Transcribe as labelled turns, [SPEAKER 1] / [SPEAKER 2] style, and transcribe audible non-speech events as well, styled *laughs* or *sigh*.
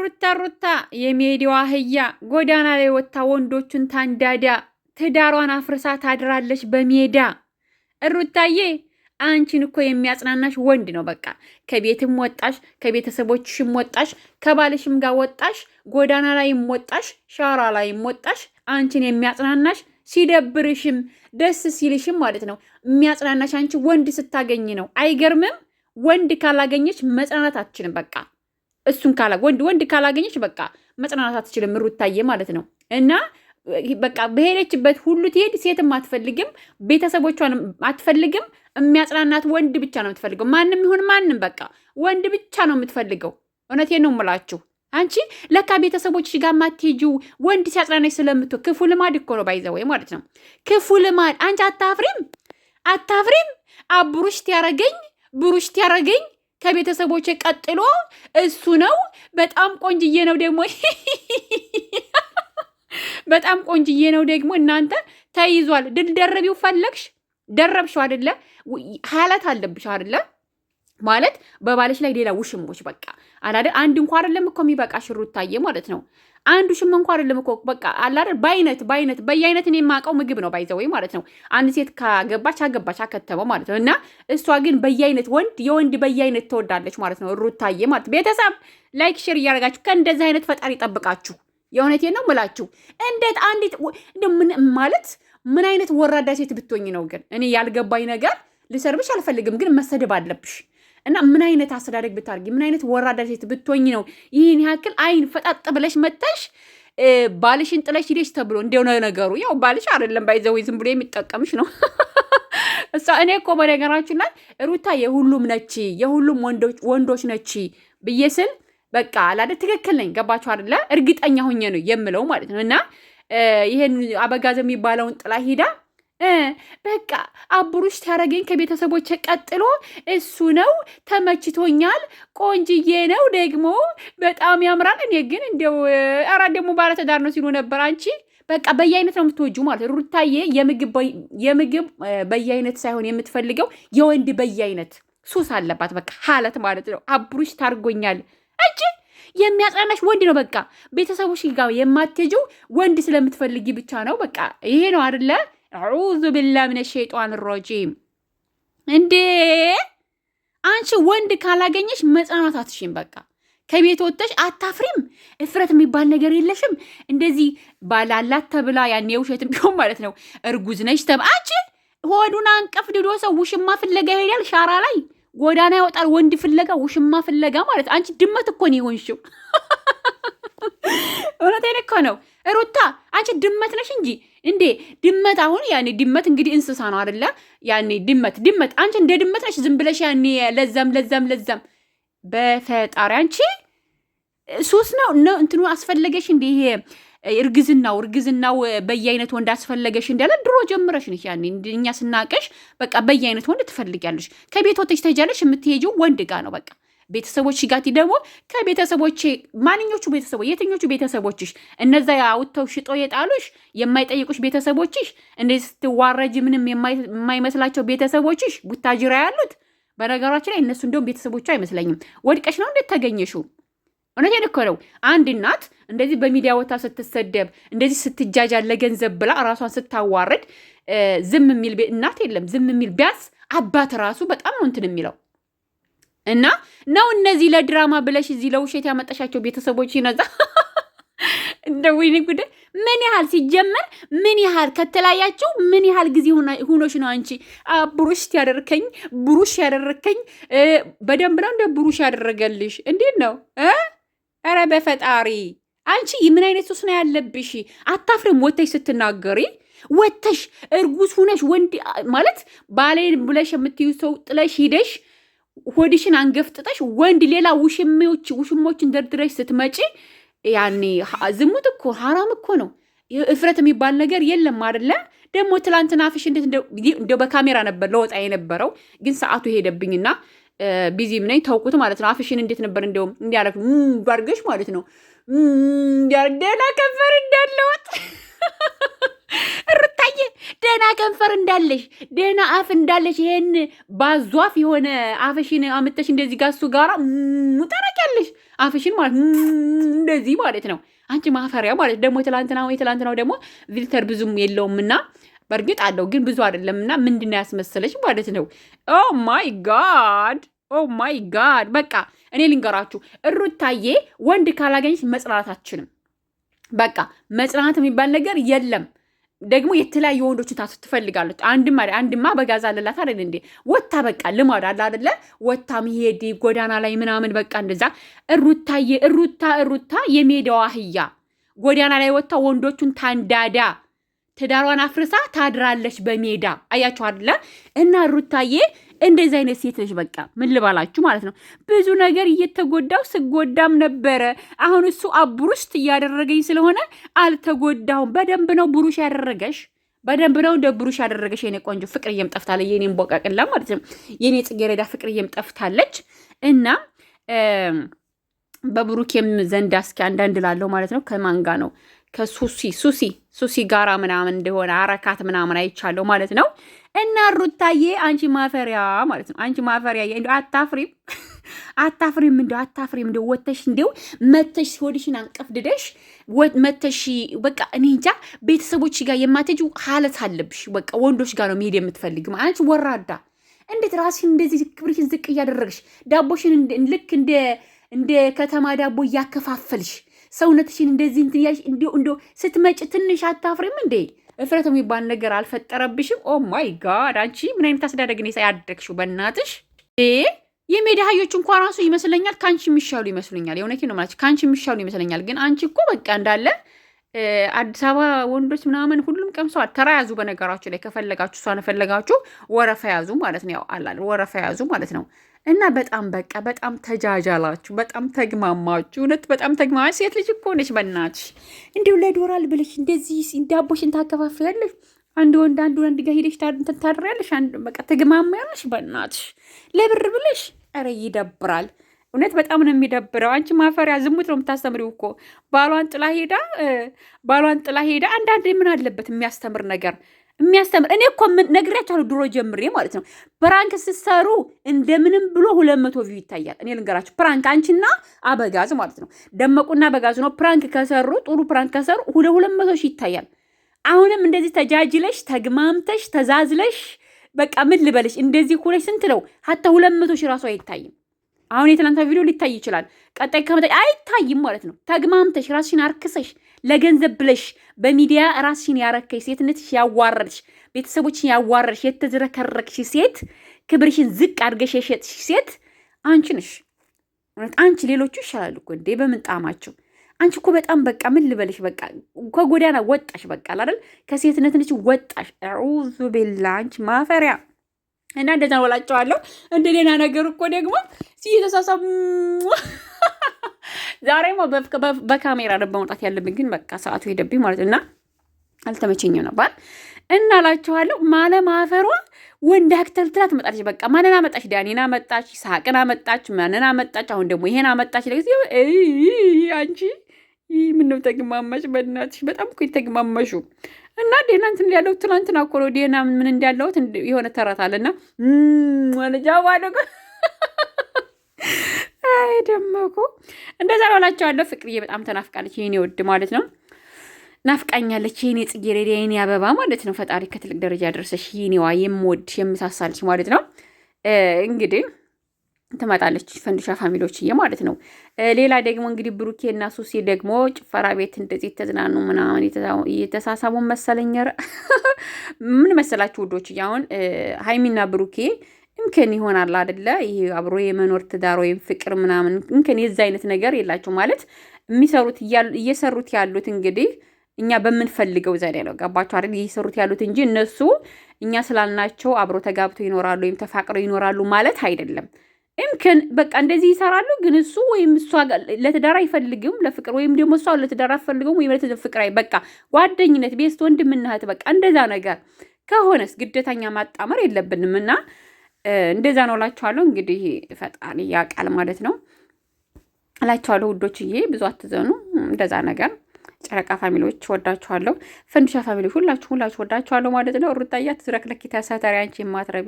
[SPEAKER 1] ሩታ ሩታ የሜዲዋ አህያ ጎዳና ላይ ወጥታ ወንዶቹን ታንዳዳ ትዳሯን አፍርሳ ታድራለች በሜዳ። ሩታዬ አንቺን እኮ የሚያጽናናሽ ወንድ ነው። በቃ ከቤትም ወጣሽ፣ ከቤተሰቦችሽም ወጣሽ፣ ከባልሽም ጋር ወጣሽ፣ ጎዳና ላይም ወጣሽ፣ ሻራ ላይም ወጣሽ። አንቺን የሚያጽናናሽ ሲደብርሽም ደስ ሲልሽም ማለት ነው የሚያጽናናሽ አንቺ ወንድ ስታገኝ ነው። አይገርምም? ወንድ ካላገኘች መጽናናት አትችልም። በቃ እሱን ካላ ወንድ ወንድ ካላገኘች በቃ መጽናናት አትችልም ሩታዬ ማለት ነው እና በቃ በሄደችበት ሁሉ ትሄድ። ሴትም አትፈልግም፣ ቤተሰቦቿን አትፈልግም። የሚያጽናናት ወንድ ብቻ ነው የምትፈልገው። ማንም ይሁን ማንም በቃ ወንድ ብቻ ነው የምትፈልገው። እውነቴን ነው የምላችሁ። አንቺ ለካ ቤተሰቦችሽ ጋር ማትሄጂው ወንድ ሲያጽናናች ስለምት ክፉ ልማድ እኮ ነው ወይ ማለት ነው። ክፉ ልማድ። አንቺ አታፍሪም? አታፍሪም? አብሩሽት ያረገኝ ብሩሽት ያረገኝ ከቤተሰቦቼ ቀጥሎ እሱ ነው። በጣም ቆንጅዬ ነው ደግሞ *laughs* በጣም ቆንጅዬ ነው ደግሞ እናንተ ተይዟል። ድል ደረቢው ፈለግሽ ደረብሽው አይደለ? ሀላት አለብሽ አይደለ? ማለት በባለሽ ላይ ሌላ ውሽሞች በቃ አላደ አንድ እንኳ አይደለም እኮ የሚበቃሽ ሩታዬ ማለት ነው። አንዱ ሽም እንኳ አይደለም እኮ በቃ አላደ በአይነት በአይነት በየአይነት እኔ የማውቀው ምግብ ነው ባይዘወይ ማለት ነው። አንድ ሴት ካገባች አገባች አከተመው ማለት ነው። እና እሷ ግን በየአይነት ወንድ የወንድ በየአይነት ትወዳለች ማለት ነው ሩታዬ ማለት ነው። ቤተሰብ ላይክ፣ ሼር እያደረጋችሁ ከእንደዚህ አይነት ፈጣሪ ይጠብቃችሁ። የእውነቴ ነው ምላችሁ። እንዴት አንዲት ማለት ምን አይነት ወራዳ ሴት ብትወኝ ነው ግን? እኔ ያልገባኝ ነገር ልሰርብሽ አልፈልግም፣ ግን መሰደብ አለብሽ እና ምን አይነት አስተዳደግ ብታርጊ ምን አይነት ወራዳ ሴት ብትሆኝ ነው ይህን ያክል አይን ፈጣጥ ብለሽ መጠሽ ባልሽን ጥለሽ ሂደሽ ተብሎ እንደሆነ ነገሩ ያው ባልሽ አይደለም ባይዘው ዝም ብሎ የሚጠቀምሽ ነው። *laughs* እሷ እኔ እኮ በነገራችን ላይ ሩታ የሁሉም ነች የሁሉም ወንዶች ነች ብዬ ስል በቃ አላደ ትክክል ነኝ። ገባችሁ አይደለ? እርግጠኛ ሆኜ ነው የምለው ማለት ነው እና ይሄን አበጋዝ የሚባለውን ጥላ ሂዳ በቃ አብሩሽ ሲያረገኝ ከቤተሰቦች ቀጥሎ እሱ ነው። ተመችቶኛል። ቆንጅዬ ነው ደግሞ በጣም ያምራል። እኔ ግን እንደው አራት ደግሞ ባለትዳር ነው ሲሉ ነበር። አንቺ በቃ በየአይነት ነው የምትወጁ ማለት ሩታዬ የምግብ በየአይነት ሳይሆን የምትፈልገው የወንድ በየአይነት ሱስ አለባት። በቃ ሀለት ማለት ነው። አብሩሽ ታርጎኛል እጅ የሚያጽናናሽ ወንድ ነው። በቃ ቤተሰቦች ጋር የማትሄጂው ወንድ ስለምትፈልጊ ብቻ ነው። በቃ ይሄ ነው አይደለ? አዑዙ ቢላ ምን ሸይጣን ሮጂም። እንዴ አንቺ ወንድ ካላገኘሽ መጽናናት አትሽም። በቃ ከቤት ወጥተሽ አታፍሪም? እፍረት የሚባል ነገር የለሽም? እንደዚህ ባላላት ተብላ ያን የውሸትም ቢሆን ማለት ነው እርጉዝ ነሽ ተብ አንቺ ሆዱን አንቀፍ ድዶ ሰው ውሽማ ፍለጋ ይሄዳል። ሻራ ላይ ጎዳና ያወጣል ወንድ ፍለጋ፣ ውሽማ ፍለጋ ማለት አንቺ ድመት እኮ ነው የሆንሽው። *laughs* እውነቴን እኮ ነው ሩታ፣ አንቺ ድመት ነሽ እንጂ እንዴ ድመት አሁን ያኔ ድመት እንግዲህ እንስሳ ነው አደለ? ያኔ ድመት ድመት አንቺ እንደ ድመት ነሽ ዝም ብለሽ ያኔ ለዛም ለዛም ለዛም። በፈጣሪ አንቺ ሶስት ነው ነው እንትኑ አስፈለገሽ እንዴ? ይሄ እርግዝናው እርግዝናው በየአይነት ወንድ አስፈለገሽ እንዳለ ድሮ ጀምረሽ ነሽ። ያኔ እኛ ስናቀሽ በቃ በየአይነት ወንድ ትፈልጊያለሽ። ከቤት ወጥተሽ ትሄጃለሽ። የምትሄጂው ወንድ ጋ ነው በቃ ቤተሰቦች ጋቲ ደግሞ ከቤተሰቦቼ ማንኞቹ ቤተሰቦች የትኞቹ ቤተሰቦችሽ እነዛ ያውተው ሽጦ የጣሉሽ የማይጠይቁሽ ቤተሰቦችሽ፣ እንደዚህ ስትዋረጅ ምንም የማይመስላቸው ቤተሰቦችሽ ቡታጅራ ያሉት። በነገራችን ላይ እነሱ እንዲሁም ቤተሰቦቹ አይመስለኝም። ወድቀሽ ነው እንዴት ተገኘሹ እውነቴን እኮ ነው። አንድ እናት እንደዚህ በሚዲያ ቦታ ስትሰደብ እንደዚህ ስትጃጃ ለገንዘብ ብላ ራሷን ስታዋረድ ዝም የሚል እናት የለም። ዝም የሚል ቢያንስ አባት ራሱ በጣም ነው እንትን የሚለው እና ነው እነዚህ ለድራማ ብለሽ እዚህ ለውሸት ያመጣሻቸው ቤተሰቦች ይነዛ እንደ ወይኔ ጉዳይ ምን ያህል ሲጀመር ምን ያህል ከተለያያቸው ምን ያህል ጊዜ ሁኖች ነው? አንቺ ብሩሽት ያደረከኝ ብሩሽ ያደረከኝ በደንብ ነው እንደ ብሩሽ ያደረገልሽ እንዴት ነው? ኧረ በፈጣሪ አንቺ ምን አይነት ሱስ ነው ያለብሽ? አታፍርም ወተሽ ስትናገሪ ወተሽ እርጉዝ ሁነሽ ወንድ ማለት ባሌን ብለሽ የምትዩ ሰው ጥለሽ ሂደሽ ሆዲሽን አንገፍጥጠሽ ወንድ ሌላ ውሽሞች ውሽሞችን ደርድረሽ ስትመጪ ያኔ ዝሙት እኮ ሀራም እኮ ነው። እፍረት የሚባል ነገር የለም አይደለ? ደግሞ ትላንትና አፍሽ እንዴት እንደ በካሜራ ነበር ለወጣ የነበረው ግን ሰዓቱ ሄደብኝና ቢዚም ነኝ ተውኩት ማለት ነው። አፍሽን እንዴት ነበር እንደውም እንዲያረግ አድርገሽ ማለት ነው እንዲያደና ከንፈር እንዳለወጥ ደህና ከንፈር እንዳለሽ ደህና አፍ እንዳለሽ ይሄን ባዟፍ የሆነ አፍሽን አምተሽ እንደዚህ ጋር እሱ ጋራ ሙጠረቂያለሽ አፍሽን ማለት እንደዚህ ማለት ነው። አንቺ ማፈሪያ ማለት ደግሞ ትላንትና የትላንትናው ደግሞ ቪልተር ብዙም የለውምና በእርግጥ አለው ግን ብዙ አይደለምና ምንድን ያስመሰለች ማለት ነው። ኦ ማይ ጋድ ኦ ማይ ጋድ። በቃ እኔ ልንገራችሁ እሩታዬ ወንድ ካላገኘች መጽናት አችልም። በቃ መጽናት የሚባል ነገር የለም። ደግሞ የተለያዩ ወንዶችን ታ ትፈልጋለች። አንድማ አንድማ በጋዛ አለላት አይደል እንዴ? ወታ በቃ ልማድ አለ አይደለ? ወታ መሄድ ጎዳና ላይ ምናምን በቃ እንደዛ እሩታ እሩታ እሩታ የሜዳዋ አህያ ጎዳና ላይ ወታ ወንዶቹን ታንዳዳ ትዳሯን አፍርሳ ታድራለች በሜዳ አያችሁ አይደለ? እና እሩታዬ እንደዚህ አይነት ሴት ነች። በቃ ምን ልባላችሁ ማለት ነው። ብዙ ነገር እየተጎዳው ስጎዳም ነበረ። አሁን እሱ አብሩሽት እያደረገኝ ስለሆነ አልተጎዳሁም። በደንብ ነው ብሩሽ ያደረገሽ በደንብ ነው እንደ ብሩሽ ያደረገሽ። የኔ ቆንጆ ፍቅር እየምጠፍታለ የኔም ቦቃቅላ ማለት ነው የኔ ጽጌረዳ ፍቅር እየምጠፍታለች እና በብሩኬም ዘንድ አስኪ አንዳንድ ላለው ማለት ነው ከማንጋ ነው ከሱሲ ሱሲ ሱሲ ጋራ ምናምን እንደሆነ አረካት ምናምን አይቻለሁ ማለት ነው። እና ሩታዬ አንቺ ማፈሪያ ማለት ነው። አንቺ ማፈሪያ እንደው አታፍሪም *laughs* አታፍሪም እንደ አታፍሪም እንደ ወተሽ እንደው መተሽ ሆድሽን ድደሽ መተሽ በቃ እኔ እንጃ ቤተሰቦች ጋር የማትጁ ሀለት አለብሽ። በቃ ወንዶች ጋር ነው መሄድ የምትፈልግ አንቺ ወራዳ። እንዴት ራስሽን እንደዚህ ክብርሽን ዝቅ እያደረግሽ ዳቦሽን ልክ እንደ እንደ ከተማ ዳቦ እያከፋፈልሽ ሰውነትሽን እንደዚህ እንትን እያልሽ እንዲሁ እንዲ ስትመጭ ትንሽ አታፍሪም እንዴ? እፍረት የሚባል ነገር አልፈጠረብሽም? ኦ ማይ ጋድ! አንቺ ምን አይነት አስተዳደግ ነው ያደግሽው? በእናትሽ የሜዳ አህዮች እንኳ ራሱ ይመስለኛል ከአንቺ የሚሻሉ ይመስሉኛል። የእውነቴን ነው የምላቸው ከአንቺ የሚሻሉ ይመስለኛል። ግን አንቺ እኮ በቃ እንዳለ አዲስ አበባ ወንዶች ምናምን ሁሉም ቀምሰዋል። ተራ ያዙ። በነገራችሁ ላይ ከፈለጋችሁ እሷን ፈለጋችሁ ወረፋ ያዙ ማለት ነው። ያው አላል ወረፋ ያዙ ማለት ነው። እና በጣም በቃ በጣም ተጃጃላችሁ፣ በጣም ተግማማችሁ። እውነት በጣም ተግማማች። ሴት ልጅ እኮ ነች። በእናትሽ እንዲሁ ለዶራል ብለሽ እንደዚህ ዳቦሽን ታከፋፍያለሽ። አንድ ወንድ አንድ ወንድ ጋር ሄደሽ ታድሪያለሽ። በቃ ተግማማያለሽ። በእናትሽ ለብር ብለሽ ኧረ ይደብራል። እውነት በጣም ነው የሚደብረው። አንቺ ማፈሪያ ዝሙት ነው የምታስተምሪው እኮ ባሏን ጥላ ሄዳ ባሏን ጥላ ሄዳ። አንዳንድ ምን አለበት የሚያስተምር ነገር የሚያስተምር እኔ እኮ ነግሬያቸዋለሁ፣ ድሮ ጀምሬ ማለት ነው። ፕራንክ ስትሰሩ እንደምንም ብሎ ሁለት መቶ ቪው ይታያል። እኔ ልንገራቸው፣ ፕራንክ አንቺና አበጋዝ ማለት ነው፣ ደመቁና አበጋዝ ነው። ፕራንክ ከሰሩ ጥሩ ፕራንክ ከሰሩ ሁለ ሁለት መቶ ሺህ ይታያል። አሁንም እንደዚህ ተጃጅለሽ ተግማምተሽ ተዛዝለሽ በቃ ምን ልበለሽ እንደዚህ ሁለሽ ስንት ነው ሀታ ሁለት መቶ ሺህ ራሱ አይታይም። አሁን የትናንትና ቪዲዮ ሊታይ ይችላል። ቀጣይ ከመጣ አይታይም ማለት ነው። ተግማምተሽ ራስሽን አርክሰሽ ለገንዘብ ብለሽ በሚዲያ ራስሽን ያረከሽ ሴትነትሽ ያዋረድሽ፣ ቤተሰቦችን ያዋረድሽ፣ የተዝረከረክሽ ሴት፣ ክብርሽን ዝቅ አድርገሽ የሸጥሽ ሴት አንቺ ነሽ። እውነት አንቺ ሌሎቹ ይሻላሉ እኮ እንዴ በምን ጣማቸው? አንቺ እኮ በጣም በቃ ምን ልበልሽ፣ በቃ ከጎዳና ወጣሽ፣ በቃ አይደል ከሴትነትነች ወጣሽ። አዑዙ ቢላ አንቺ ማፈሪያ እና እንደዛ ነው እንደገና እንደ ነገር እኮ ደግሞ እየተሳሳሙ ዛሬማ በካሜራ ነበር መውጣት ያለብኝ፣ ግን በቃ ሰዓቱ ሄደብኝ ማለት እና አልተመቸኝም ነበር እና ላችኋለሁ። ማለ ማፈሯ ወንድ አክተር ትመጣለች። በቃ ማንን አመጣች? ዳኒን አመጣች፣ ሳቅን አመጣች፣ ማንን አመጣች? አሁን ደግሞ ይሄን አመጣች። ለጊዜ አንቺ ምነው ተግማመሽ? በእናትሽ በጣም እኮ የተግማማሹ እና ደህና እንትን ያለው ትናንትና እኮ ነው ደህና ምን እንዳለሁት የሆነ ተረት አለና ልጃዋ ደጎ *laughs* አይ ደመኩ እንደዛ እላቸዋለሁ። ፍቅርዬ በጣም ተናፍቃለች የኔ ወድ ማለት ነው። ናፍቃኛለች የኔ ጽጌረዳ የኔ አበባ ማለት ነው። ፈጣሪ ከትልቅ ደረጃ ደርሰሽ የኔዋ የምወድ የምሳሳልሽ ማለት ነው እንግዲህ ትመጣለች ፈንድሻ ፋሚሊዎችዬ ማለት ነው። ሌላ ደግሞ እንግዲህ ብሩኬ እና ሱሲ ደግሞ ጭፈራ ቤት እንደዚህ ተዝናኑ ምናምን የተሳሳቡን መሰለኝ። *laughs* ምን መሰላችሁ ውዶች፣ አሁን ሀይሚና ብሩኬ እንከን ይሆናል አደለ? ይሄ አብሮ የመኖር ትዳር ወይም ፍቅር ምናምን እንከን የዛ አይነት ነገር የላቸው ማለት የሚሰሩት እየሰሩት ያሉት እንግዲህ እኛ በምንፈልገው ዘዴ ነው። ገባችሁ አይደል? እየሰሩት ያሉት እንጂ እነሱ እኛ ስላልናቸው አብሮ ተጋብተው ይኖራሉ ወይም ተፋቅረው ይኖራሉ ማለት አይደለም። ኢምክን በቃ እንደዚህ ይሰራሉ። ግን እሱ ወይም እሷ ለትዳር አይፈልግም ለፍቅር ወይም ደግሞ እሷ ለትዳር አትፈልግም ወይም ለፍቅር በቃ ጓደኝነት፣ ቤስት ወንድምና እህት በቃ እንደዛ ነገር ከሆነስ ግዴታኛ ማጣመር የለብንም እና እንደዛ ነው እላችኋለሁ። እንግዲህ ፈጣሪ ያውቃል ማለት ነው እላችኋለሁ ውዶችዬ፣ ብዙ አትዘኑ። እንደዛ ነገር ጨረቃ ፋሚሊዎች ወዳችኋለሁ። ፈንዲሻ ፋሚሊዎች ሁላችሁ ሁላችሁ ወዳችኋለሁ ማለት ነው። ሩጣያ ትዝረክለኪታ ሳታሪ አንቺ የማትረቢ